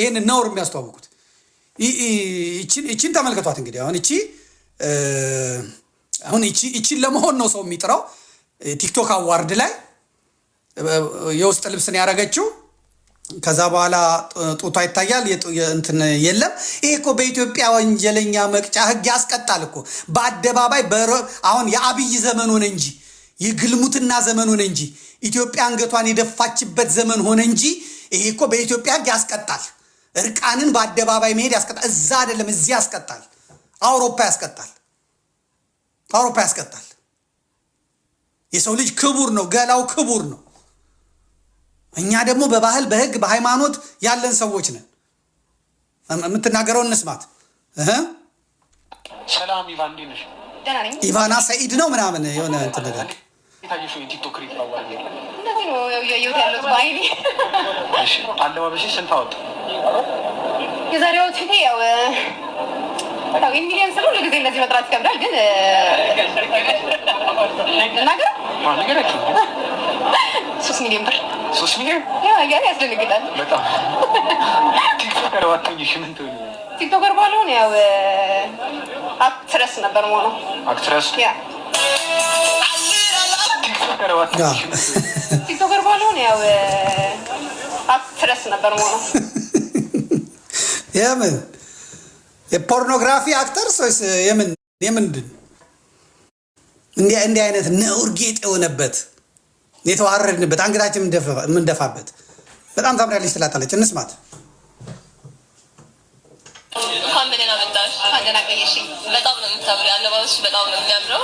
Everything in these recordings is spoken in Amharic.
ይህን ነውር የሚያስተዋውቁት ይቺን ተመልከቷት። እንግዲህ አሁን እቺ አሁን ይቺን ለመሆን ነው ሰው የሚጥረው። ቲክቶክ አዋርድ ላይ የውስጥ ልብስን ያደረገችው ከዛ በኋላ ጡቷ ይታያል፣ እንትን የለም። ይሄ እኮ በኢትዮጵያ ወንጀለኛ መቅጫ ሕግ ያስቀጣል እኮ በአደባባይ አሁን የአብይ ዘመኑን እንጂ የግልሙትና ዘመኑን እንጂ ኢትዮጵያ አንገቷን የደፋችበት ዘመን ሆነ እንጂ ይሄ እኮ በኢትዮጵያ ሕግ ያስቀጣል። እርቃንን በአደባባይ መሄድ ያስቀጣል። እዛ አይደለም እዚህ ያስቀጣል። አውሮፓ ያስቀጣል። አውሮፓ ያስቀጣል። የሰው ልጅ ክቡር ነው፣ ገላው ክቡር ነው። እኛ ደግሞ በባህል በህግ በሃይማኖት ያለን ሰዎች ነን። የምትናገረው እንስማት። ሰላም ኢቫን፣ እንዴት ነሽ? ኢቫና ሰኢድ ነው ምናምን የሆነ ትደረግ አለባበሽ ስንት አወጣ የዛሬው ፊቴ ያው ኢንግሊዝ ስለሆነ ጊዜ እንደዚህ መጥራት ይከብዳል፣ ግን እናገር ሶስት ሚሊዮን ብር ሶስት ሚሊዮን ቲክቶከር ባልሆን ያው አክትረስ ነበር መሆነው አክትረስ ቲክቶከር ባልሆን ያው አክትረስ ነበር መሆነው የምን የፖርኖግራፊ አክተር ሰውስ የምን የምንድን እንዲህ አይነት ነውር ጌጥ የሆነበት የተዋረድንበት አንገታችን የምንደፋበት በጣም ታምሪያለች ትላታለች። እንስማት። ምን አመጣሽ? አደናቀየሽኝ። በጣም ነው የምታምሪ። አለባበስሽ በጣም ነው የሚያምረው።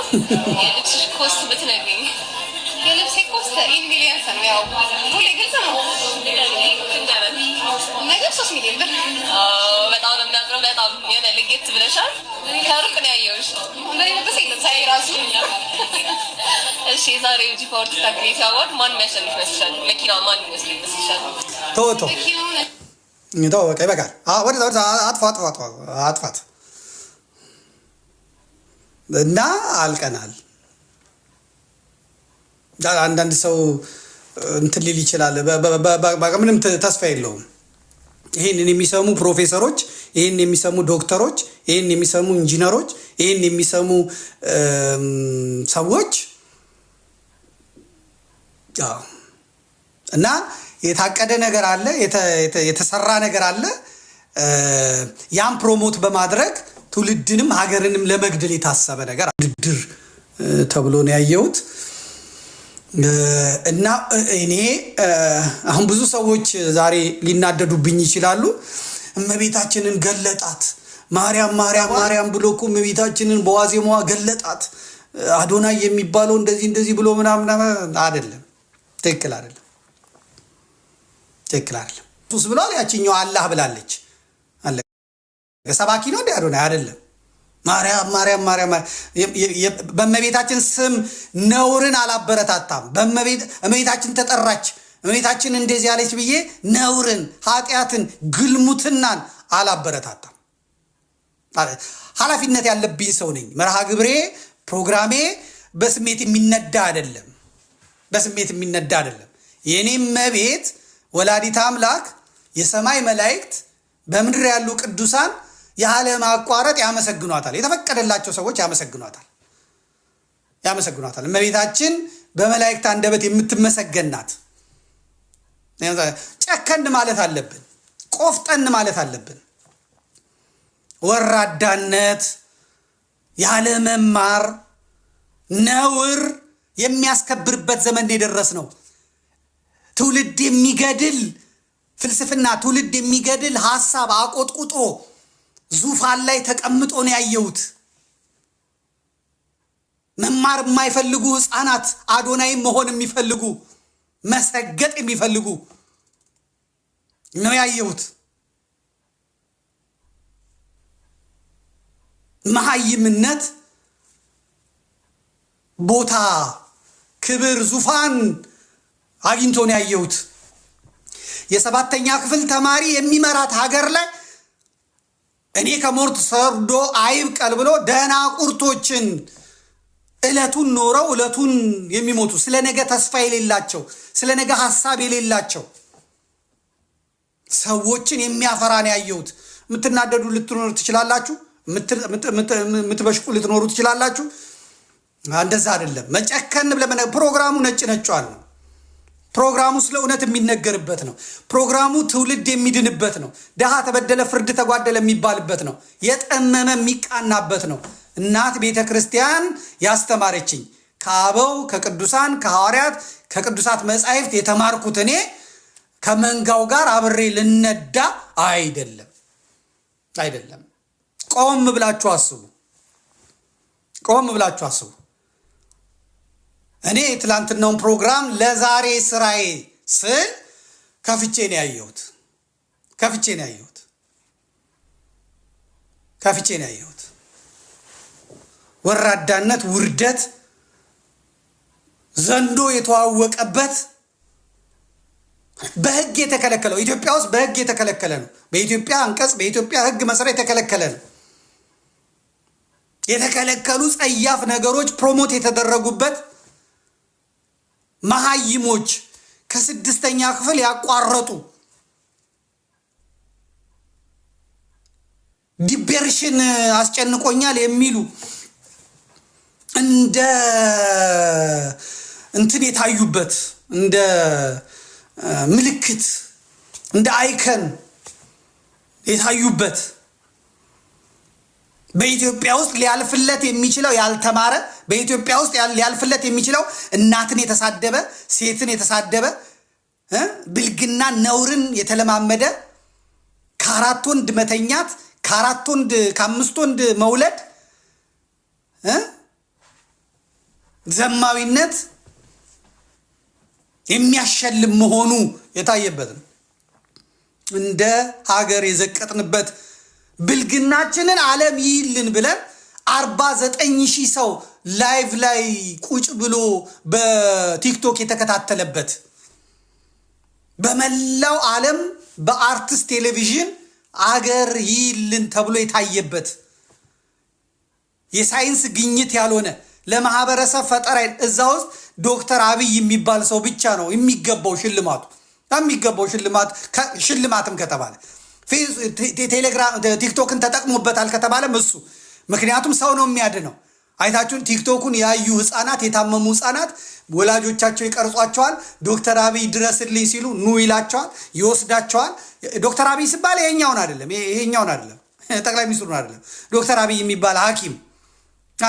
የልብስሽ ኮስት ብትነግሪኝ የልብሴ ኮስት ኢንግሊየንስ ነው። ያው ሁሌ ግልጽ ነው ነገር ሶስት ሚሊዮን ብር በጣም ነው የሚያምረው። በጣም የሆነ ልጌት ብለሻል። ከሩቅ ነው ያየሁሽ። በሌለበት የለም ሳይ ራሱ እሺ። የዛሬ ጂ ፓወር ታክሪስ አዋርድ ማን የሚያሸንፍ ይመስልሻል? መኪና ማን የሚወስድ ይመስልሻል? ቶቶ ይተው በቃ ይበቃል። ወደ ወደ አጥፋ አጥፋ አጥፋት እና አልቀናል አንዳንድ ሰው እንትን ሊል ይችላል። ምንም ተስፋ የለውም። ይህንን የሚሰሙ ፕሮፌሰሮች፣ ይህን የሚሰሙ ዶክተሮች፣ ይህን የሚሰሙ ኢንጂነሮች፣ ይህን የሚሰሙ ሰዎች እና የታቀደ ነገር አለ፣ የተሰራ ነገር አለ። ያን ፕሮሞት በማድረግ ትውልድንም ሀገርንም ለመግደል የታሰበ ነገር ውድድር ተብሎ ነው ያየሁት። እና እኔ አሁን ብዙ ሰዎች ዛሬ ሊናደዱብኝ ይችላሉ። እመቤታችንን ገለጣት ማርያም ማርያም ማርያም ብሎ እኮ እመቤታችንን በዋዜማዋ ገለጣት አዶናይ የሚባለው እንደዚህ እንደዚህ ብሎ ምናምን አይደለም። ትክክል አይደለም። ትክክል አይደለም። ሱስ ብሏል። ያችኛው አላህ ብላለች። ሰባኪ ነው እንዲ አዶናይ አይደለም። ማርያም ማርያም ማርያም በእመቤታችን ስም ነውርን አላበረታታም። እመቤታችን ተጠራች፣ እመቤታችን እንደዚህ ያለች ብዬ ነውርን፣ ኃጢአትን፣ ግልሙትናን አላበረታታም። ኃላፊነት ያለብኝ ሰው ነኝ። መርሃ ግብሬ ፕሮግራሜ በስሜት የሚነዳ አይደለም። በስሜት የሚነዳ አይደለም። የእኔ እመቤት ወላዲት አምላክ የሰማይ መላእክት በምድር ያሉ ቅዱሳን ያለ ማቋረጥ ያመሰግኗታል። የተፈቀደላቸው ሰዎች ያመሰግኗታል ያመሰግኗታል። እመቤታችን በመላእክት አንደበት የምትመሰገን ናት። ጨከን ማለት አለብን። ቆፍጠን ማለት አለብን። ወራዳነት፣ ያለ መማር፣ ነውር የሚያስከብርበት ዘመን የደረስ ነው። ትውልድ የሚገድል ፍልስፍና፣ ትውልድ የሚገድል ሀሳብ አቆጥቁጦ ዙፋን ላይ ተቀምጦ ነው ያየሁት። መማር የማይፈልጉ ህፃናት፣ አዶናይ መሆን የሚፈልጉ መሰገጥ የሚፈልጉ ነው ያየሁት። መሀይምነት ቦታ፣ ክብር፣ ዙፋን አግኝቶ ነው ያየሁት። የሰባተኛ ክፍል ተማሪ የሚመራት ሀገር ላይ እኔ ከሞርት ሰርዶ አይብቀል ብሎ ደናቁርቶችን እለቱን ኖረው እለቱን የሚሞቱ ስለ ነገ ተስፋ የሌላቸው ስለ ነገ ሀሳብ የሌላቸው ሰዎችን የሚያፈራ ነው ያየሁት። የምትናደዱ ልትኖሩ ትችላላችሁ፣ የምትበሽቁ ልትኖሩ ትችላላችሁ። እንደዛ አይደለም። መጨከን ብለ ፕሮግራሙ ነጭ ነጫል ነው ፕሮግራሙ ስለ እውነት የሚነገርበት ነው። ፕሮግራሙ ትውልድ የሚድንበት ነው። ድሃ ተበደለ፣ ፍርድ ተጓደለ የሚባልበት ነው። የጠመመ የሚቃናበት ነው። እናት ቤተ ክርስቲያን ያስተማረችኝ ከአበው ከቅዱሳን ከሐዋርያት ከቅዱሳት መጻሕፍት የተማርኩት እኔ ከመንጋው ጋር አብሬ ልነዳ አይደለም፣ አይደለም። ቆም ብላችሁ አስቡ። ቆም ብላችሁ አስቡ። እኔ የትላንትናውን ፕሮግራም ለዛሬ ስራዬ ስል ከፍቼ ነው ያየሁት። ከፍቼ ነው ያየሁት። ከፍቼ ነው ያየሁት። ወራዳነት፣ ውርደት፣ ዘንዶ የተዋወቀበት በህግ የተከለከለው ኢትዮጵያ ውስጥ በህግ የተከለከለ ነው። በኢትዮጵያ አንቀጽ በኢትዮጵያ ህግ መሰረት የተከለከለ ነው። የተከለከሉ ጸያፍ ነገሮች ፕሮሞት የተደረጉበት መሀይሞች ከስድስተኛ ክፍል ያቋረጡ ዲቤርሽን አስጨንቆኛል የሚሉ እንደ እንትን የታዩበት እንደ ምልክት እንደ አይከን የታዩበት በኢትዮጵያ ውስጥ ሊያልፍለት የሚችለው ያልተማረ በኢትዮጵያ ውስጥ ሊያልፍለት የሚችለው እናትን የተሳደበ ሴትን የተሳደበ ብልግና ነውርን የተለማመደ ከአራት ወንድ መተኛት ከአራት ወንድ ከአምስት ወንድ መውለድ ዘማዊነት የሚያሸልም መሆኑ የታየበት ነው። እንደ ሀገር የዘቀጥንበት ብልግናችንን ዓለም ይይልን ብለን አርባ ዘጠኝ ሺህ ሰው ላይቭ ላይ ቁጭ ብሎ በቲክቶክ የተከታተለበት በመላው ዓለም በአርትስ ቴሌቪዥን አገር ይይልን ተብሎ የታየበት የሳይንስ ግኝት ያልሆነ ለማህበረሰብ ፈጠራ እዛ ውስጥ ዶክተር አብይ የሚባል ሰው ብቻ ነው የሚገባው ሽልማቱ የሚገባው ሽልማት ሽልማትም ከተባለ ቲክቶክን ተጠቅሞበታል ከተባለም እሱ ምክንያቱም ሰው ነው የሚያድነው። አይታችሁን ቲክቶኩን ያዩ ህፃናት፣ የታመሙ ህፃናት ወላጆቻቸው ይቀርጿቸዋል። ዶክተር አብይ ድረስልኝ ሲሉ ኑ ይላቸዋል፣ ይወስዳቸዋል። ዶክተር አብይ ሲባል ይሄኛውን አይደለም፣ ይሄኛውን አይደለም፣ ጠቅላይ ሚኒስትሩን አይደለም። ዶክተር አብይ የሚባል ሐኪም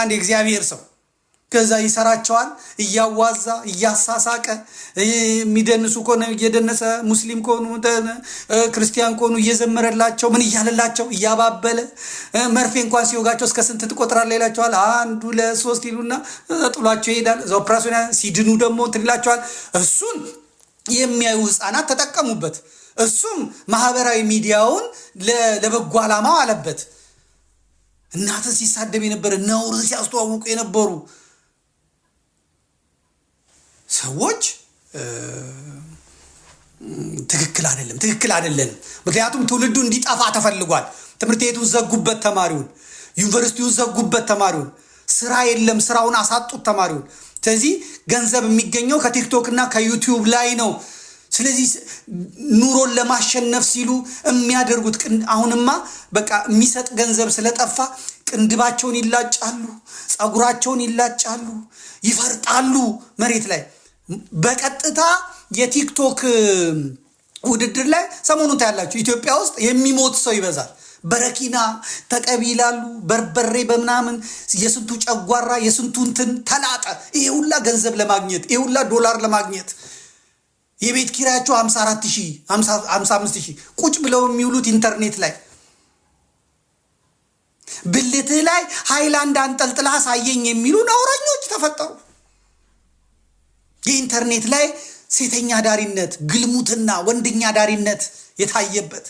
አንድ የእግዚአብሔር ሰው ከዛ ይሰራቸዋል እያዋዛ እያሳሳቀ የሚደንሱ ከሆነ እየደነሰ ሙስሊም ከሆኑ ክርስቲያን ከሆኑ እየዘመረላቸው ምን እያለላቸው እያባበለ መርፌ እንኳን ሲወጋቸው እስከ ስንት ትቆጥራለህ ይላቸዋል። አንዱ ለሶስት ሶስት ይሉና ጥሏቸው ይሄዳል። እዛ ኦፕራሲዮን ሲድኑ ደግሞ እንትን ይላቸዋል። እሱን የሚያዩ ህፃናት ተጠቀሙበት። እሱም ማህበራዊ ሚዲያውን ለበጎ አላማው አለበት። እናትን ሲሳደብ የነበረ ነውርን ሲያስተዋውቁ የነበሩ ሰዎች ትክክል አይደለም፣ ትክክል አይደለንም። ምክንያቱም ትውልዱ እንዲጠፋ ተፈልጓል። ትምህርት ቤቱን ዘጉበት ተማሪውን፣ ዩኒቨርሲቲውን ዘጉበት ተማሪውን፣ ስራ የለም ስራውን አሳጡት ተማሪውን። ስለዚህ ገንዘብ የሚገኘው ከቲክቶክ እና ከዩቲዩብ ላይ ነው። ስለዚህ ኑሮን ለማሸነፍ ሲሉ የሚያደርጉት አሁንማ በቃ የሚሰጥ ገንዘብ ስለጠፋ ቅንድባቸውን ይላጫሉ፣ ፀጉራቸውን ይላጫሉ፣ ይፈርጣሉ መሬት ላይ በቀጥታ የቲክቶክ ውድድር ላይ ሰሞኑን ታያላችሁ። ኢትዮጵያ ውስጥ የሚሞት ሰው ይበዛል። በረኪና ተቀቢ ይላሉ፣ በርበሬ በምናምን የስንቱ ጨጓራ የስንቱ እንትን ተላጠ። ይሄ ሁላ ገንዘብ ለማግኘት ይሄ ሁላ ዶላር ለማግኘት የቤት ኪራያቸው 54 ሺህ ቁጭ ብለው የሚውሉት ኢንተርኔት ላይ ብልትህ ላይ ሃይላንድ አንጠልጥላ አሳየኝ የሚሉ ነውረኞች ተፈጠሩ። የኢንተርኔት ላይ ሴተኛ ዳሪነት፣ ግልሙትና፣ ወንድኛ ዳሪነት የታየበት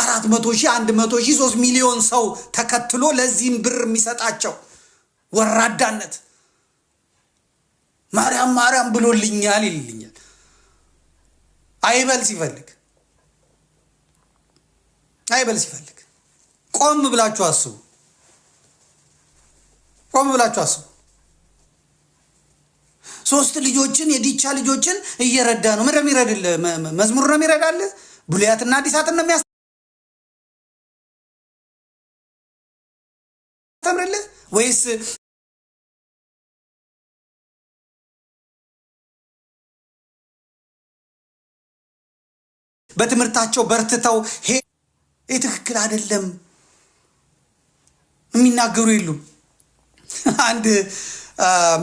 አራት መቶ ሺህ አንድ መቶ ሺህ ሶስት ሚሊዮን ሰው ተከትሎ ለዚህም ብር የሚሰጣቸው ወራዳነት ማርያም ማርያም ብሎልኛል ይልልኛል አይበል ሲፈልግ አይበል ሲፈልግ ቆም ብላችሁ አስቡ። ቆም ብላችሁ አስቡ። ሶስት ልጆችን የዲቻ ልጆችን እየረዳ ነው። ምን የሚረድል መዝሙር ነው የሚረዳል። ብሉያትና አዲሳትን ነው የሚያስተምርልህ ወይስ በትምህርታቸው በርትተው ሄ ትክክል አይደለም የሚናገሩ የሉም። አንድ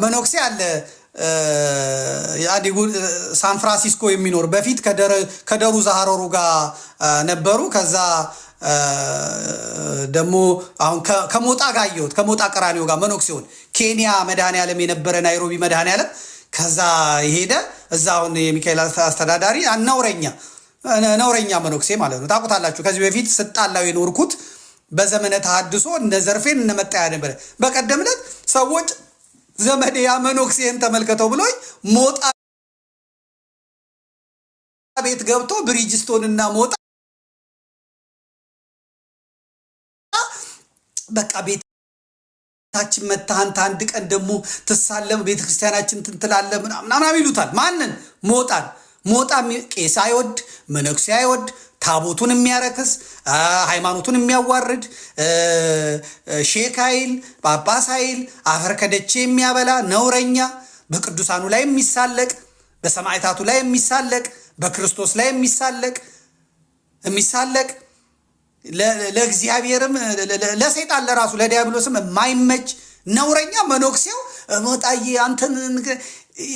መነኩሴ አለ የአዲጉ ሳን ፍራንሲስኮ የሚኖር በፊት ከደሩ ዛሃሮሩ ጋር ነበሩ። ከዛ ደግሞ አሁን ከሞጣ ጋር አየሁት ከሞጣ ቀራኒዮ ጋር መኖክሲሆን ኬንያ መድኃኔ ዓለም የነበረ ናይሮቢ መድኃኔ ዓለም ከዛ የሄደ እዛ አሁን የሚካኤል አስተዳዳሪ ነውረኛ ነውረኛ መኖክሴ ማለት ነው። ታውቁታላችሁ። ከዚህ በፊት ስጣላው የኖርኩት በዘመነ ተሃድሶ እነ ዘርፌን እነመጣያ ነበረ። በቀደም ዕለት ሰዎች ዘመዴ መኖክሴን ተመልከተው ብሎኝ ሞጣ ቤት ገብቶ ብሪጅስቶን እና ሞጣ በቃ ቤታችን መታህንት አንድ ቀን ደግሞ ትሳለም ቤተክርስቲያናችን ትንትላለ ምናምን ይሉታል። ማንን? ሞጣን። ሞጣ ቄስ አይወድ መነኩሴ አይወድ ታቦቱን የሚያረክስ ሃይማኖቱን የሚያዋርድ ሼክ ኃይል ጳጳስ ኃይል አፈር ከደቼ የሚያበላ ነውረኛ በቅዱሳኑ ላይ የሚሳለቅ በሰማዕታቱ ላይ የሚሳለቅ በክርስቶስ ላይ የሚሳለቅ የሚሳለቅ ለእግዚአብሔርም ለሰይጣን ለራሱ ለዲያብሎስም የማይመች ነውረኛ መኖክሴው መጣዬ አንተን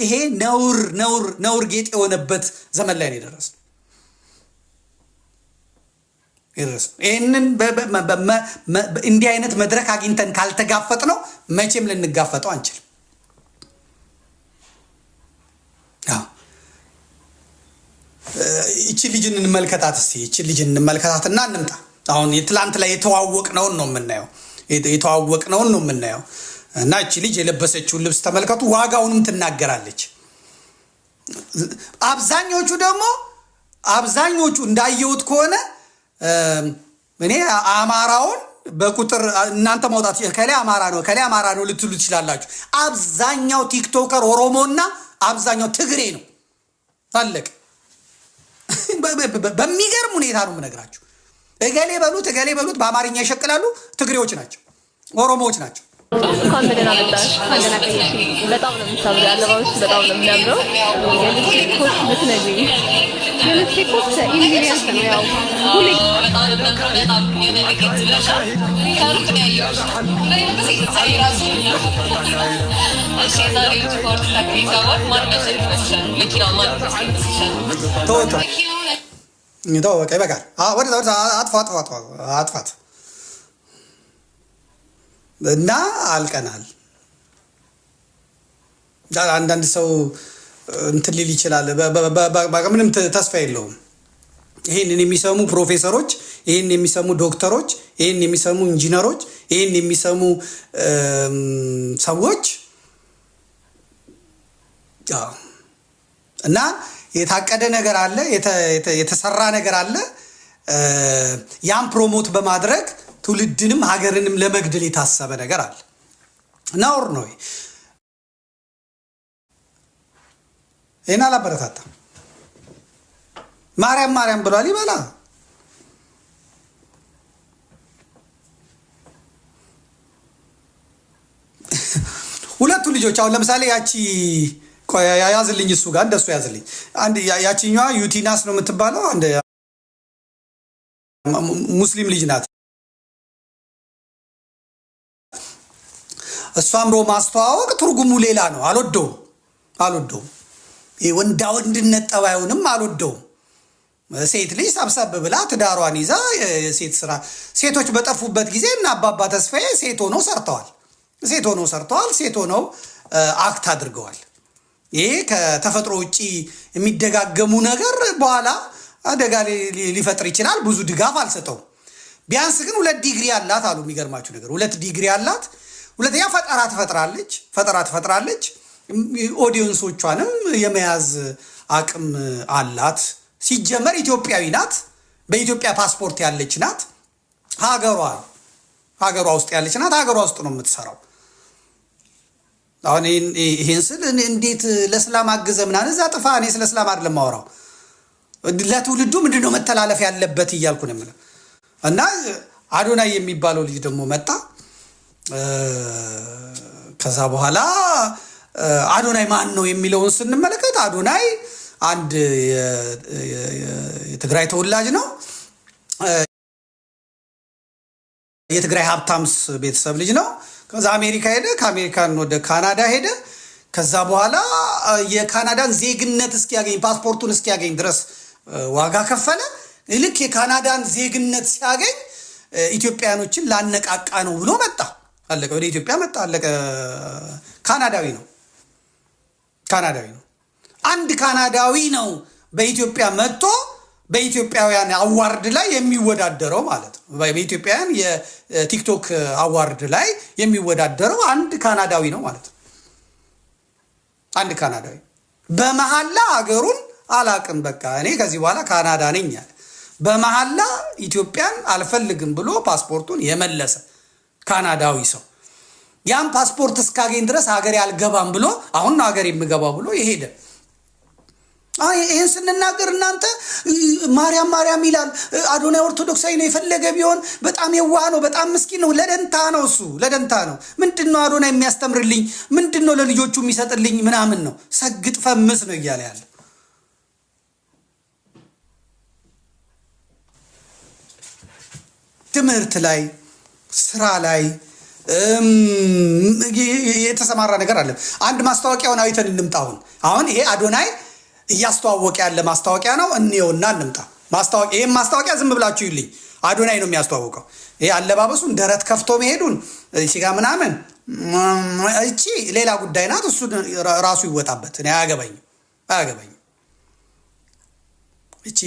ይሄ ነውር ነውር ነውር ጌጥ የሆነበት ዘመን ላይ ነው የደረስነው። ይህንን እንዲህ አይነት መድረክ አግኝተን ካልተጋፈጥ ነው መቼም ልንጋፈጠው አንችልም። ይቺ ልጅ እንመልከታት እስኪ ይቺ እንመልከታት እና እንምጣ። አሁን ትላንት ላይ የተዋወቅነውን ነው የምናየው የተዋወቅነውን ነው የምናየው እና እቺ ልጅ የለበሰችውን ልብስ ተመልከቱ። ዋጋውንም ትናገራለች። አብዛኞቹ ደግሞ አብዛኞቹ እንዳየሁት ከሆነ እኔ አማራውን በቁጥር እናንተ መውጣት ከላይ አማራ ነው ከላይ አማራ ነው ልትሉ ትችላላችሁ። አብዛኛው ቲክቶከር ኦሮሞና አብዛኛው ትግሬ ነው። ታለቅ በሚገርም ሁኔታ ነው የምነግራችሁ። እገሌ በሉት እገሌ በሉት በአማርኛ ይሸቅላሉ። ትግሬዎች ናቸው፣ ኦሮሞዎች ናቸው። እንኳን እንደገና መጣሽ። በጣም ነው የምታምሪው። አለባበሽ በጣም ነው የሚያምረው። የልብስ ምትነጂ የልብስ ኮት ኢንግሊዝ ነው ያው ሁሌ ተወው፣ በቃ ይበቃል። ወደ አጥፋ አጥፋት እና አልቀናል። አንዳንድ ሰው እንትን ሊል ይችላል። ምንም ተስፋ የለውም። ይህንን የሚሰሙ ፕሮፌሰሮች፣ ይህን የሚሰሙ ዶክተሮች፣ ይህን የሚሰሙ ኢንጂነሮች፣ ይህን የሚሰሙ ሰዎች እና የታቀደ ነገር አለ፣ የተሰራ ነገር አለ። ያን ፕሮሞት በማድረግ ትውልድንም ሀገርንም ለመግደል የታሰበ ነገር አለ። ነውር ነው። ይህን አላበረታታም። ማርያም ማርያም ብሏል ይበላ ሁለቱ ልጆች አሁን ለምሳሌ ያቺ ያዝልኝ እሱ ጋር እንደሱ ያዝልኝ ያቺኛዋ ዩቲናስ ነው የምትባለው። አንድ ሙስሊም ልጅ ናት። እሱ አምሮ ማስተዋወቅ ትርጉሙ ሌላ ነው። አልወደውም አልወደውም። ወንዳ ወንድነት ጠባዩንም አልወደውም። ሴት ልጅ ሰብሰብ ብላ ትዳሯን ይዛ የሴት ስራ ሴቶች በጠፉበት ጊዜ እና አባባ ተስፋዬ ሴት ሆነው ሰርተዋል። ሴት ሆነው ሰርተዋል። ሴት ሆነው አክት አድርገዋል። ይሄ ከተፈጥሮ ውጭ የሚደጋገሙ ነገር በኋላ አደጋ ሊፈጥር ይችላል። ብዙ ድጋፍ አልሰጠውም። ቢያንስ ግን ሁለት ዲግሪ አላት አሉ። የሚገርማችሁ ነገር ሁለት ዲግሪ አላት። ሁለተኛ ፈጠራ ትፈጥራለች ፈጠራ ትፈጥራለች። ኦዲየንሶቿንም የመያዝ አቅም አላት። ሲጀመር ኢትዮጵያዊ ናት። በኢትዮጵያ ፓስፖርት ያለች ናት። ሀገሯ ሀገሯ ውስጥ ያለች ናት። ሀገሯ ውስጥ ነው የምትሰራው። አሁን ይህን ስል እንዴት ለስላም አግዘ ምናምን እዛ ጥፋ። እኔ ስለ ስላም አይደለም ማወራው ለትውልዱ ምንድነው መተላለፍ ያለበት እያልኩ ነው የምለው። እና አዶናይ የሚባለው ልጅ ደግሞ መጣ ከዛ በኋላ አዶናይ ማን ነው የሚለውን ስንመለከት አዶናይ አንድ የትግራይ ተወላጅ ነው። የትግራይ ሀብታምስ ቤተሰብ ልጅ ነው። ከዛ አሜሪካ ሄደ። ከአሜሪካን ወደ ካናዳ ሄደ። ከዛ በኋላ የካናዳን ዜግነት እስኪያገኝ ፓስፖርቱን እስኪያገኝ ድረስ ዋጋ ከፈለ። ልክ የካናዳን ዜግነት ሲያገኝ ኢትዮጵያኖችን ላነቃቃ ነው ብሎ መጣ። አለቀ። ወደ ኢትዮጵያ መጣ፣ አለቀ። ካናዳዊ ነው፣ ካናዳዊ ነው። አንድ ካናዳዊ ነው በኢትዮጵያ መጥቶ በኢትዮጵያውያን አዋርድ ላይ የሚወዳደረው ማለት ነው። በኢትዮጵያውያን የቲክቶክ አዋርድ ላይ የሚወዳደረው አንድ ካናዳዊ ነው ማለት ነው። አንድ ካናዳዊ በመሐላ አገሩን አላቅም፣ በቃ እኔ ከዚህ በኋላ ካናዳ ነኝ አለ። በመሐላ ኢትዮጵያን አልፈልግም ብሎ ፓስፖርቱን የመለሰ ካናዳዊ ሰው ያም ፓስፖርት እስካገኝ ድረስ ሀገር አልገባም ብሎ አሁን ነው ሀገር የምገባው ብሎ የሄደ። ይህን ስንናገር እናንተ ማርያም ማርያም ይላል አዶናይ ኦርቶዶክሳዊ ነው፣ የፈለገ ቢሆን በጣም የዋህ ነው፣ በጣም ምስኪን ነው። ለደንታ ነው እሱ ለደንታ ነው። ምንድን ነው አዶናይ የሚያስተምርልኝ? ምንድን ነው ለልጆቹ የሚሰጥልኝ? ምናምን ነው ሰግጥ ፈምስ ነው እያለ ያለ ትምህርት ላይ ስራ ላይ የተሰማራ ነገር አለ። አንድ ማስታወቂያውን አይተን እንምጣ። አሁን አሁን ይሄ አዶናይ እያስተዋወቀ ያለ ማስታወቂያ ነው። እንየውና እንምጣ። ማስታወቂያ ይህም ማስታወቂያ ዝም ብላችሁ ይልኝ። አዶናይ ነው የሚያስተዋውቀው። ይሄ አለባበሱን፣ ደረት ከፍቶ መሄዱን እቺጋ ምናምን እቺ ሌላ ጉዳይ ናት። እሱ ራሱ ይወጣበት። እኔ አያገባኝም፣ አያገባኝም። እቺ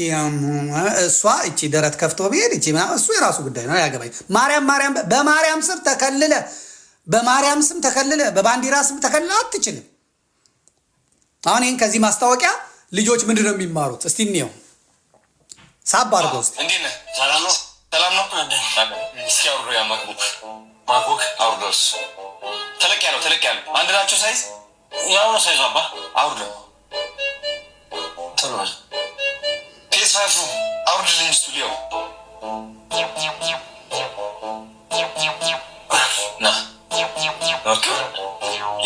እሷ እቺ ደረት ከፍቶ ብሄድ እቺ እሱ የራሱ ጉዳይ ነው፣ ያገባኝ። ማርያም ማርያም በማርያም ስም ተከልለ በማርያም ስም ተከልለ በባንዲራ ስም ተከልለ አትችልም። አሁን ይህን ከዚህ ማስታወቂያ ልጆች ምንድን ነው የሚማሩት? እስቲ እንየው። ሳብ አድርገው ስ ተለቅ ያለው ተለቅ ያለው አንድ ናቸው ሳይዝ ያው ሳይዝ አባ አውርደው ሰፉ አውርድልኝ ስቱዲዮ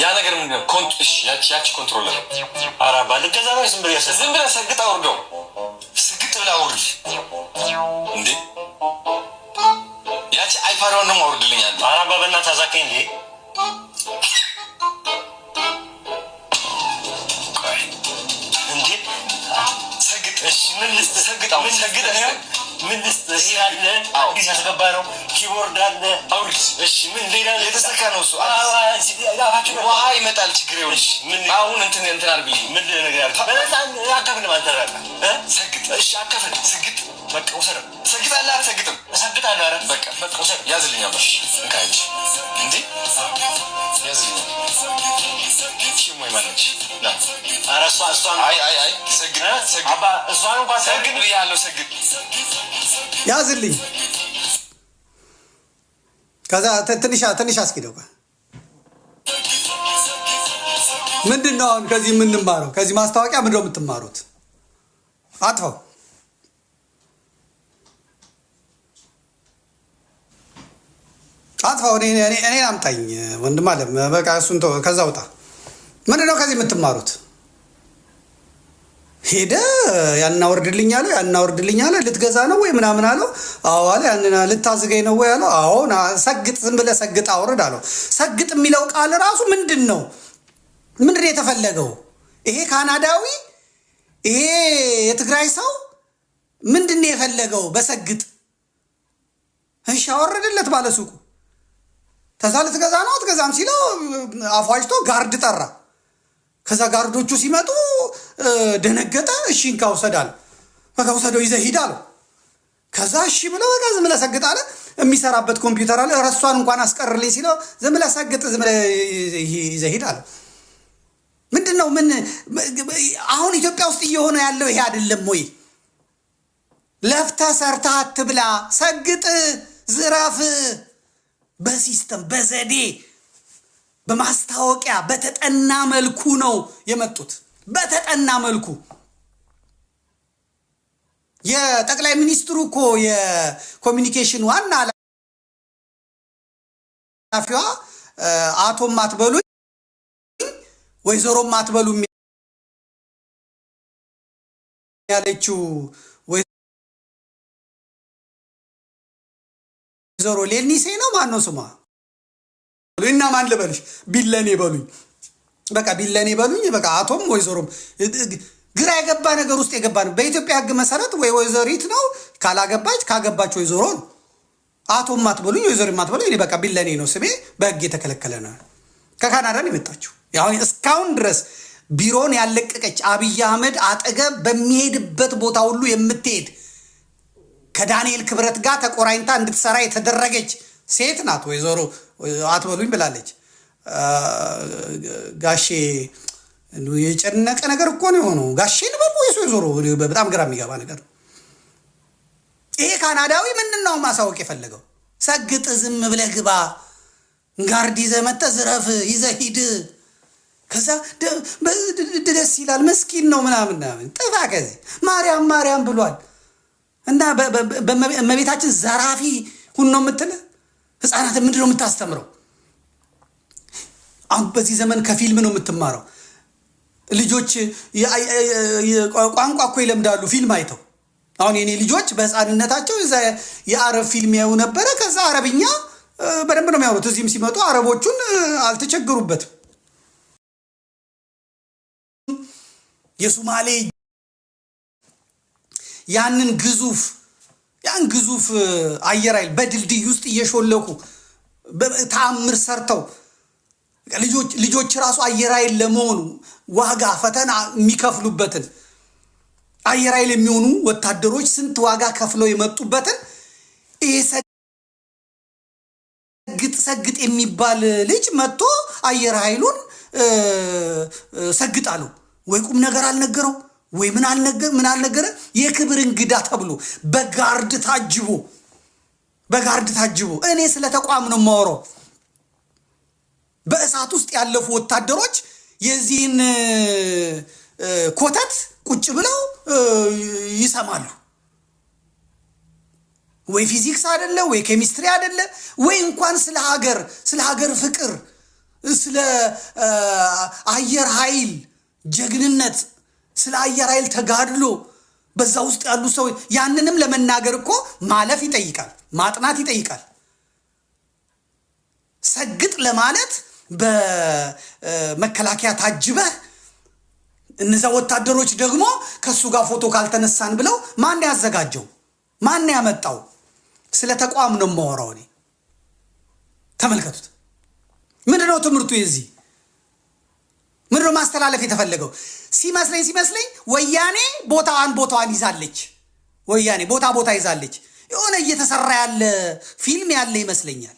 ያ ነገር ምንድነው? ያቺ ኮንትሮለር ኧረ ባልገዛ ነው። ዝም ብለህ ዝም ብለህ ሰግጥ አውርደው፣ ስግጥ ብለህ አውርድ እንዴ! ያቺ አይፓዷን ነው አውርድልኝ። አንተ ኧረ በእናትህ አዛከኝ እንዴ! ምን ልስጥሰግጥ ምን ልስጥህ? አለ አዲስ ያስገባ ነው። ኪቦርድ አለ አውርድ። እሺ ምን ሌላ የተሰካ ነው እሱ ውሃ ይመጣል። ችግር ይኸውልሽ፣ ምን አሁን እንትን እንትን አድርግልኝ። ምን ነገር አካፍል ማለት ሰግጥ። እሺ አካፍል፣ ስግጥ። በቃ ውሰድ። ትሰግጣለህ? አትሰግጥም? እሰግጣለሁ። ኧረ በቃ በቃ ውሰድ፣ ያዝልኝ። እንካ እንጂ እንዴ ያዝልኝ። ከዛ ትንሽ ትንሽ አስኪደው ምንድን ነው አሁን ከዚህ የምንማረው? ከዚህ ማስታወቂያ ምንድነው የምትማሩት? አጥፋው አጥፋ። ወደ እኔ አምጣኝ ወንድም አለ። በቃ እሱን ተው፣ ከዛ ውጣ። ነው ከዚህ የምትማሩት? ሄደ ያናወርድልኝ አለ ያናወርድልኝ አለ። ልትገዛ ነው ወይ ምናምን አለው። አዎ አለ። ያንን ልታዝገኝ ነው ወይ አለው። አዎ ሰግጥ፣ ዝም ብለህ ሰግጥ አውርድ አለው። ሰግጥ የሚለው ቃል ራሱ ምንድን ነው? ምንድን የተፈለገው? ይሄ ካናዳዊ ይሄ የትግራይ ሰው ምንድን የፈለገው በሰግጥ? እሺ አወረድለት ባለሱቁ። ተዛ ልትገዛ ነው አትገዛም ሲለው አፏጭቶ ጋርድ ጠራ። ከዛ ጋርዶቹ ሲመጡ ደነገጠ። እሺ እንካ ውሰድ አለ። በቃ ውሰደው ይዘህ ሂድ አለው። ከዛ እሺ ብሎ በቃ ዝም ብለህ ሰግጥ አለ። የሚሰራበት ኮምፒውተር አለ። ረሷን እንኳን አስቀርልኝ ሲለው ዝም ብለህ ሰግጥ፣ ዝም ብለህ ይዘህ ሂድ አለ። ምንድን ነው ምን አሁን ኢትዮጵያ ውስጥ እየሆነ ያለው ይሄ አይደለም ወይ? ለፍተህ ሰርተህ አትብላ፣ ሰግጥ፣ ዝረፍ በሲስተም በዘዴ በማስታወቂያ በተጠና መልኩ ነው የመጡት። በተጠና መልኩ የጠቅላይ ሚኒስትሩ እኮ የኮሚኒኬሽን ዋና ኃላፊዋ አቶ ማትበሉ ወይዘሮ ማትበሉ ያለችው ወይዘሮ ሌኒሴ ነው። ማን ነው ስሟ? እና ማን ልበልሽ? ቢለኔ በሉኝ፣ በቃ ቢለኔ በሉኝ። በቃ አቶም ወይዘሮም ግራ የገባ ነገር ውስጥ የገባ ነው። በኢትዮጵያ ሕግ መሰረት ወይ ወይዘሪት ነው ካላገባች፣ ካገባች ወይዘሮ ነው። አቶም ማትበሉኝ፣ ወይዘሮ ማትበሉኝ። በቃ ቢለኔ ነው ስሜ፣ በሕግ የተከለከለ ነው። ከካናዳን የመጣችው አሁን እስካሁን ድረስ ቢሮን ያለቀቀች አብይ አህመድ አጠገብ በሚሄድበት ቦታ ሁሉ የምትሄድ ከዳንኤል ክብረት ጋር ተቆራኝታ እንድትሰራ የተደረገች ሴት ናት። ወይዘሮ አትበሉኝ ብላለች። ጋሼ የጨነቀ ነገር እኮ ነው የሆነው። ጋሼ ንበሉ ወይስ ወይዘሮ? በጣም ግራ የሚገባ ነገር ይሄ። ካናዳዊ ምንድን ነው ማሳወቅ የፈለገው? ሰግጥ፣ ዝም ብለህ ግባ፣ ጋርድ ይዘህ መጥተህ ዝረፍ፣ ይዘህ ሂድ። ከዛ ደስ ይላል፣ መስኪን ነው ምናምን ምናምን። ጥፋ ከዚህ ማርያም ማርያም ብሏል። እና እመቤታችን ዘራፊ ሁን ነው የምትል ህፃናትን ምንድን ነው የምታስተምረው? አሁን በዚህ ዘመን ከፊልም ነው የምትማረው። ልጆች ቋንቋ እኮ ይለምዳሉ ፊልም አይተው። አሁን የኔ ልጆች በህፃንነታቸው የአረብ ፊልም ያዩ ነበረ። ከዛ አረብኛ በደንብ ነው የሚያወሩት። እዚህም ሲመጡ አረቦቹን አልተቸገሩበትም። የሱማሌ ያንን ግዙፍ ያን ግዙፍ አየር ኃይል በድልድይ ውስጥ እየሾለኩ ተአምር ሰርተው ልጆች ራሱ አየር ኃይል ለመሆኑ ዋጋ ፈተና የሚከፍሉበትን አየር ኃይል የሚሆኑ ወታደሮች ስንት ዋጋ ከፍለው የመጡበትን ይሄ ሰግጥ ሰግጥ የሚባል ልጅ መጥቶ አየር ኃይሉን ሰግጥ አለው ወይ ቁም ነገር አልነገረው ወይ ምን ምን አልነገረ የክብር እንግዳ ተብሎ በጋርድ ታጅቦ በጋርድ ታጅቦ እኔ ስለ ተቋም ነው የማወራው። በእሳት ውስጥ ያለፉ ወታደሮች የዚህን ኮተት ቁጭ ብለው ይሰማሉ። ወይ ፊዚክስ አይደለ ወይ ኬሚስትሪ አይደለ ወይ እንኳን ስለ ሀገር ስለ ሀገር ፍቅር ስለ አየር ኃይል ጀግንነት ስለ አየር ኃይል ተጋድሎ በዛ ውስጥ ያሉ ሰው ያንንም ለመናገር እኮ ማለፍ ይጠይቃል፣ ማጥናት ይጠይቃል። ሰግጥ ለማለት በመከላከያ ታጅበህ እነዛ ወታደሮች ደግሞ ከእሱ ጋር ፎቶ ካልተነሳን ብለው ማን ያዘጋጀው? ማን ያመጣው? ስለ ተቋም ነው የማወራው እኔ። ተመልከቱት። ምንድነው ትምህርቱ የዚህ ምን ነው ማስተላለፍ የተፈለገው? ሲመስለኝ ሲመስለኝ ወያኔ ቦታዋን ቦታዋን ይዛለች። ወያኔ ቦታ ቦታ ይዛለች። የሆነ እየተሰራ ያለ ፊልም ያለ ይመስለኛል።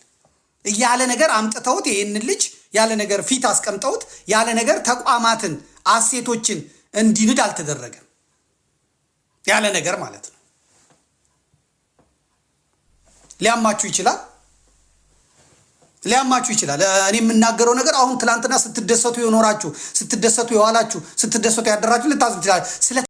ያለ ነገር አምጥተውት ይህንን ልጅ ያለ ነገር ፊት አስቀምጠውት ያለ ነገር ተቋማትን አሴቶችን እንዲንድ አልተደረገም። ያለ ነገር ማለት ነው። ሊያማችሁ ይችላል። ሊያማችሁ ይችላል። እኔ የምናገረው ነገር አሁን ትናንትና ስትደሰቱ የኖራችሁ ስትደሰቱ የዋላችሁ ስትደሰቱ ያደራችሁ ልታዝ ይችላል ስለ